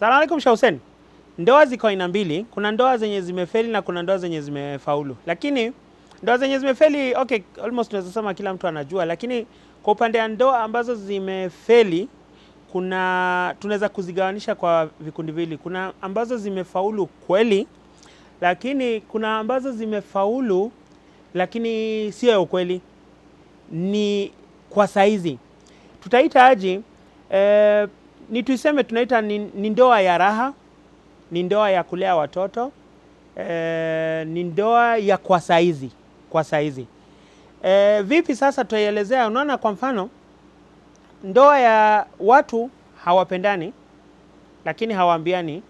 Salamu alaikum Sheikh Hussein. Ndoa ziko aina mbili, kuna ndoa zenye zimefeli na kuna ndoa zenye zimefaulu. Lakini ndoa zenye zimefeli okay, almost tunaweza sema kila mtu anajua, lakini kwa upande wa ndoa ambazo zimefeli kuna tunaweza kuzigawanisha kwa vikundi vili. Kuna ambazo zimefaulu kweli, lakini kuna ambazo zimefaulu lakini sio ya ukweli, ni kwa saizi tutaita aji eh, ni tuseme tunaita ni, ni ndoa ya raha, ni ndoa ya kulea watoto e, ni ndoa ya kwa saizi kwa saizi e, vipi sasa tuelezea? Unaona, kwa mfano ndoa ya watu hawapendani lakini hawaambiani,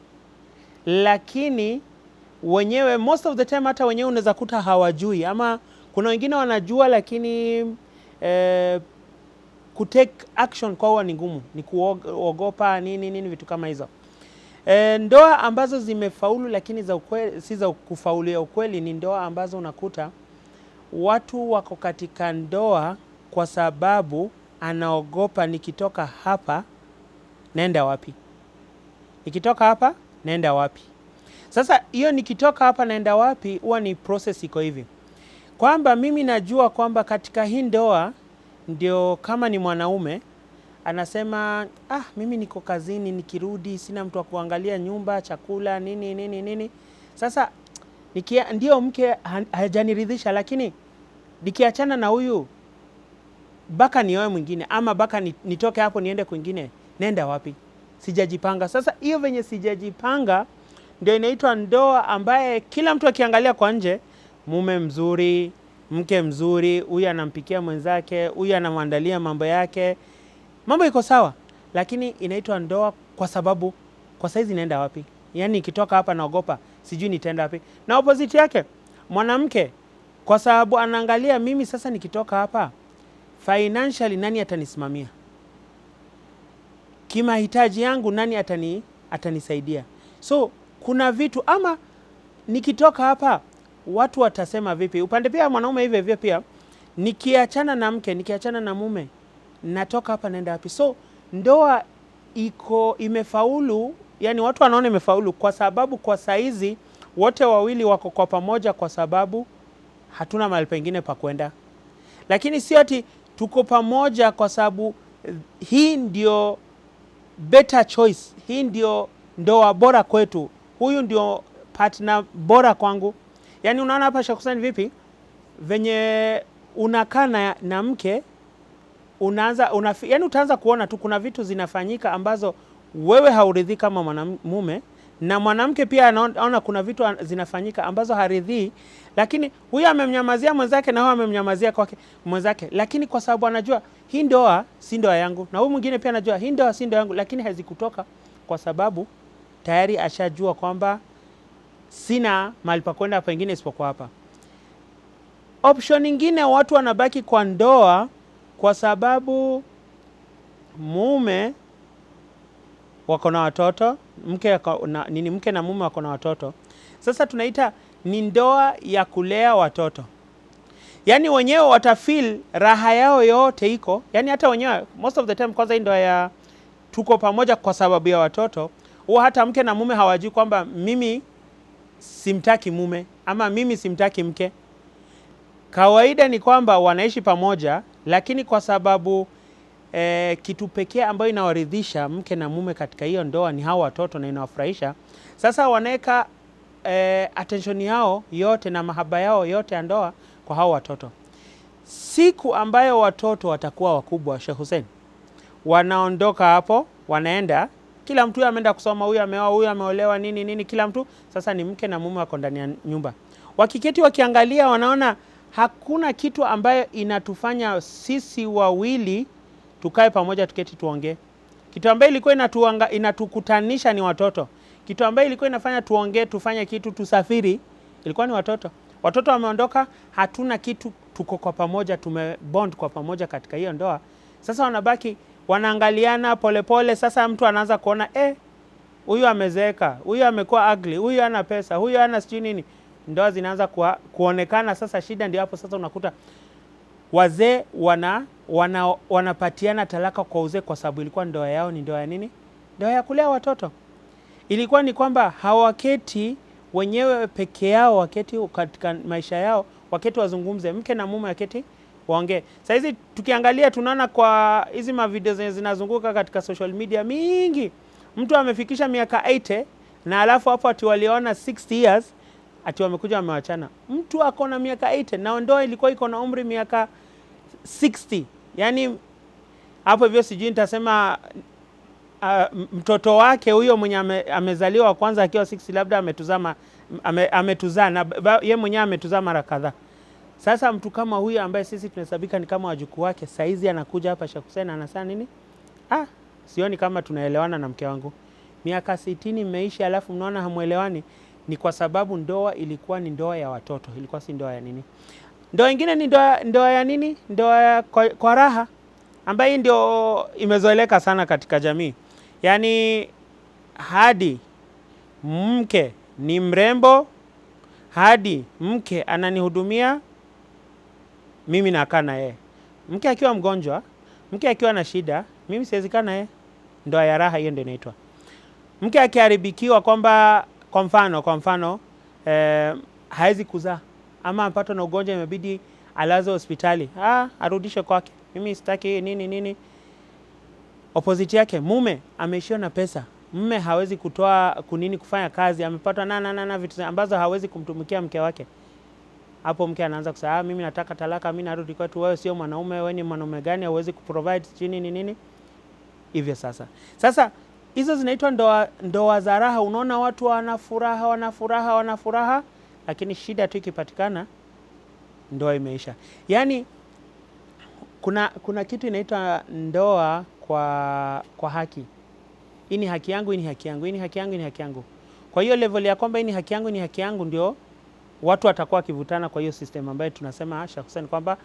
lakini wenyewe most of the time hata wenyewe unaweza kuta hawajui, ama kuna wengine wanajua lakini eh, kutake action kwa huwa ni ngumu, ni kuogopa nini nini, vitu kama hizo. E, ndoa ambazo zimefaulu lakini za ukweli, si za kufaulia ukweli, ni ndoa ambazo unakuta watu wako katika ndoa kwa sababu anaogopa, nikitoka hapa naenda wapi? Nikitoka hapa naenda wapi? Sasa hiyo nikitoka hapa naenda wapi, huwa ni process iko hivi kwamba mimi najua kwamba katika hii ndoa ndio kama ni mwanaume anasema ah, mimi niko kazini, nikirudi sina mtu wa kuangalia nyumba, chakula, nini nini nini. Sasa nikia, ndio mke hajaniridhisha, lakini nikiachana na huyu baka nioe mwingine ama baka nitoke hapo niende kwingine, nenda wapi? Sijajipanga. Sasa hiyo venye sijajipanga ndio inaitwa ndoa ambaye kila mtu akiangalia kwa nje, mume mzuri mke mzuri, huyu anampikia mwenzake, huyu anamwandalia mambo yake, mambo iko sawa, lakini inaitwa ndoa kwa sababu kwa saizi inaenda wapi? Yaani ikitoka hapa naogopa, sijui nitaenda wapi. Na opposite yake mwanamke, kwa sababu anaangalia mimi sasa nikitoka hapa financially, nani atanisimamia kimahitaji yangu, nani atani, atanisaidia? So kuna vitu ama nikitoka hapa watu watasema vipi? Upande pia mwanaume hivyo hivyo pia, nikiachana na mke, nikiachana na mume, natoka hapa naenda wapi? So ndoa iko imefaulu, yani watu wanaona imefaulu kwa sababu kwa saizi wote wawili wako kwa pamoja, kwa sababu hatuna mahali pengine pa kwenda, lakini sio ati tuko pamoja kwa sababu eh, hii ndio better choice, hii ndio ndoa bora kwetu, huyu ndio partner bora kwangu. Yaani unaona hapa Hussein vipi venye unakaa na, mke unaanza una, yani utaanza kuona tu kuna vitu zinafanyika ambazo wewe hauridhii kama mwanamume na mwanamke pia anaona kuna vitu zinafanyika ambazo haridhii, lakini huyu amemnyamazia mwenzake na huyu amemnyamazia kwake mwenzake, lakini kwa sababu anajua hii ndoa si ndoa yangu, na huyu mwingine pia anajua hii ndoa si ndoa yangu, lakini hazikutoka kwa sababu tayari ashajua kwamba sina mahali pa kwenda pengine isipokuwa hapa. Option nyingine, watu wanabaki kwa ndoa kwa sababu mume wako na watoto, mke na, nini, mke na mume wako na watoto. Sasa tunaita ni ndoa ya kulea watoto, yaani wenyewe watafeel raha yao yote iko, yaani hata wenyewe most of the time, kwanza hii ndoa ya tuko pamoja kwa sababu ya watoto, huwa hata mke na mume hawajui kwamba mimi simtaki mume ama mimi simtaki mke. Kawaida ni kwamba wanaishi pamoja, lakini kwa sababu eh, kitu pekee ambayo inawaridhisha mke na mume katika hiyo ndoa ni hao watoto na inawafurahisha, sasa wanaweka eh, attention yao yote na mahaba yao yote ya ndoa kwa hao watoto. Siku ambayo watoto watakuwa wakubwa, Sheikh Hussein, wanaondoka hapo wanaenda kila mtu ameenda kusoma, huyu ameoa, huyu ameolewa, nini nini, kila mtu sasa ni mke na mume wako ndani ya nyumba. Wakiketi wakiangalia, wanaona hakuna kitu ambayo inatufanya sisi wawili tukae pamoja, tuketi tuongee. Kitu ambayo ilikuwa inatuanga, inatukutanisha ni watoto. Kitu ambayo ilikuwa inafanya tuongee, tufanye kitu, tusafiri, ilikuwa ni watoto. Watoto wameondoka, hatuna kitu, tuko kwa pamoja, tumebond kwa pamoja katika hiyo ndoa. Sasa wanabaki wanaangaliana polepole. Sasa mtu anaanza kuona eh, huyu amezeeka, huyu amekuwa ugly, huyu ana pesa, huyu ana sijui nini, ndoa zinaanza kuonekana sasa. Shida ndio hapo sasa, unakuta wazee wana, wana wanapatiana talaka kwa uzee, kwa sababu ilikuwa ndoa yao ni ndoa ya nini? Ndoa ya kulea watoto. Ilikuwa ni kwamba hawaketi wenyewe peke yao, waketi katika maisha yao, waketi wazungumze, mke na mume waketi waongee. Sasa hizi tukiangalia, tunaona kwa hizi mavideo zenye zinazunguka katika social media mingi, mtu amefikisha miaka 80 eh, na alafu hapo ati waliona 60 years ati wamekuja wamewachana. Mtu ako na miaka 80 eh, na ndoa ilikuwa iko na umri miaka 60, yaani hapo hivyo sijui nitasema Uh, mtoto wake huyo mwenye ame, amezaliwa kwanza akiwa 60 labda ametuzama ametuzaa na yeye mwenyewe ametuzaa mara kadhaa. Sasa mtu kama huyu ambaye sisi tunahesabika ni kama wajukuu wake, saizi anakuja hapa Hussein anasema nini? Ah, sioni kama tunaelewana na mke wangu. Miaka sitini mmeishi, alafu mnaona hamwelewani. Ni kwa sababu ndoa ilikuwa ni ndoa ya watoto, ilikuwa si ndoa ya nini. Ndoa ingine ni ndoa, ndoa ya nini? Ndoa ya kwa, kwa raha ambayo ndio imezoeleka sana katika jamii, yaani hadi mke ni mrembo, hadi mke ananihudumia mimi nakaa na yeye. Mke akiwa mgonjwa, mke akiwa na shida, mimi siwezi kaa na yeye. Ndoa ya raha hiyo ndio inaitwa. Mke akiharibikiwa kwamba kwa mfano kwa mfano eh, hawezi kuzaa ama apatwa na ugonjwa imebidi alazwe hospitali, ah, arudishe kwake, mimi sitaki nini nini. Opposite yake mume ameishiwa na pesa, mume hawezi kutoa kunini kufanya kazi, amepatwa na na na vitu ambazo hawezi kumtumikia mke wake hapo mke anaanza kusema ah, mimi nataka talaka, mimi narudi kwetu, wewe sio mwanaume, wewe ni mwanaume gani? Hauwezi kuprovide chini ni nini hivyo. Sasa sasa hizo zinaitwa ndoa, ndoa za raha. Unaona watu wana wana furaha, furaha, wana furaha, lakini shida tu ikipatikana ndoa imeisha. Yaani kuna, kuna kitu inaitwa ndoa kwa, kwa haki. Hii ni haki yangu, hii ni haki yangu, hii ni haki yangu, hii ni haki yangu. Kwa hiyo level ya kwamba hii ni haki yangu, ni haki yangu ndio watu watakuwa wakivutana kwa hiyo system ambayo tunasema ah, Sheikh Hussein kwamba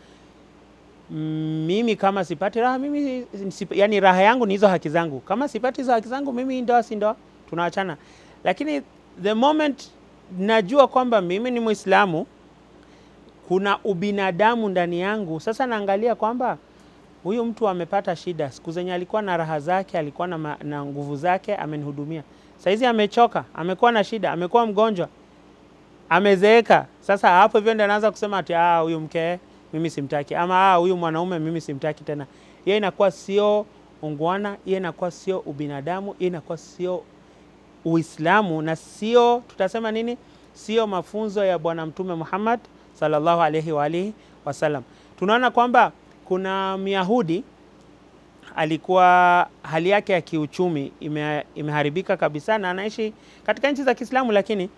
mm, mimi kama sipati raha mimi sip, yani raha yangu ni hizo haki zangu, kama sipati hizo haki zangu mimi ndoa si ndoa, tunaachana. Lakini the moment najua kwamba mimi ni Muislamu, kuna ubinadamu ndani yangu. Sasa naangalia kwamba huyu mtu amepata shida, siku zenye alikuwa na raha zake, alikuwa na, na nguvu zake, amenihudumia. Saizi amechoka, amekuwa na shida, amekuwa mgonjwa amezeeka. Sasa hapo hivyo ndio anaanza kusema ati ah, huyu mke mimi simtaki, ama ah, huyu mwanaume mimi simtaki tena. Hiyo inakuwa sio ungwana, hiyo inakuwa sio ubinadamu, hiyo inakuwa sio Uislamu na sio tutasema nini, sio mafunzo ya Bwana Mtume Muhammad sallallahu alaihi wa alihi wasallam. Tunaona kwamba kuna Myahudi alikuwa hali yake ya kiuchumi imeharibika kabisa na anaishi katika nchi za Kiislamu lakini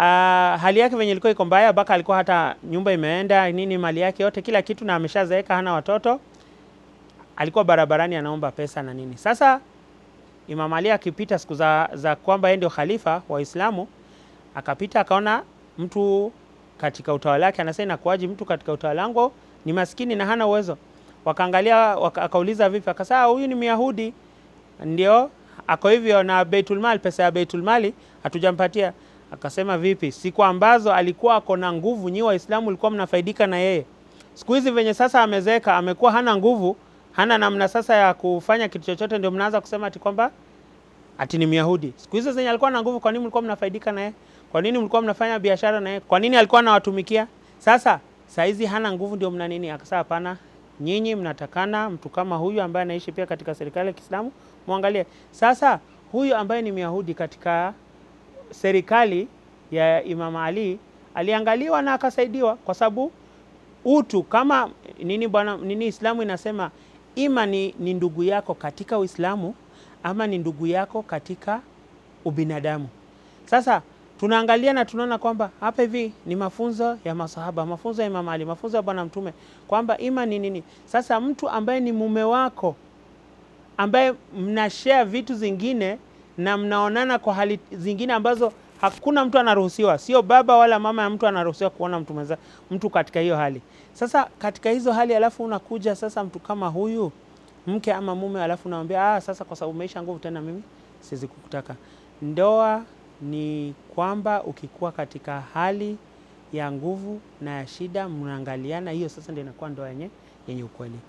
Uh, hali yake venye ilikuwa iko mbaya, baka alikuwa hata nyumba imeenda nini, mali yake yote, kila kitu, na ameshazeeka, hana watoto, alikuwa barabarani anaomba pesa na nini. Sasa Imam Ali akipita siku za, za kwamba yeye ndio khalifa wa Uislamu, akapita akaona mtu katika utawala wake, anasema inakuwaje mtu katika utawala wangu ni maskini na hana uwezo. Wakaangalia waka, akauliza vipi? Akasema ah, huyu ni Myahudi ndio ako hivyo, na Baitul Mal, pesa ya Baitul Mali hatujampatia Akasema vipi? Siku ambazo alikuwa ako na nguvu, nyi Waislamu ulikuwa mnafaidika na yeye. Siku hizi venye sasa amezeka, amekuwa hana nguvu, hana namna sasa ya kufanya kitu chochote, ndio mnaanza kusema ati kwamba ati ni Myahudi. Siku hizo zenye alikuwa na nguvu, kwa nini mlikuwa mnafaidika na yeye? Kwa nini mlikuwa mnafanya biashara na yeye? Kwa nini alikuwa anawatumikia? Sasa saa hizi hana nguvu, ndio mna nini? Akasema hapana, nyinyi mnatakana mtu kama huyu ambaye anaishi pia katika serikali ya Kiislamu, mwangalie sasa huyu ambaye ni Myahudi katika serikali ya Imam Ali aliangaliwa na akasaidiwa, kwa sababu utu kama nini, bwana nini, Islamu inasema ima ni, ni ndugu yako katika Uislamu ama ni ndugu yako katika ubinadamu. Sasa tunaangalia na tunaona kwamba hapa hivi ni mafunzo ya masahaba, mafunzo ya Imam Ali, mafunzo ya Bwana Mtume kwamba ima ni nini. Sasa mtu ambaye ni mume wako ambaye mnashare vitu zingine na mnaonana kwa hali zingine ambazo hakuna mtu anaruhusiwa, sio baba wala mama ya mtu anaruhusiwa kuona mtu mwenza, mtu katika hiyo hali. Sasa katika hizo hali alafu unakuja sasa mtu kama huyu mke ama mume, alafu unamwambia ah, sasa kwa sababu umeisha nguvu tena mimi siwezi kukutaka. Ndoa ni kwamba ukikuwa katika hali ya nguvu na ya shida mnaangaliana, hiyo sasa ndio inakuwa ndoa yenye yenye ukweli.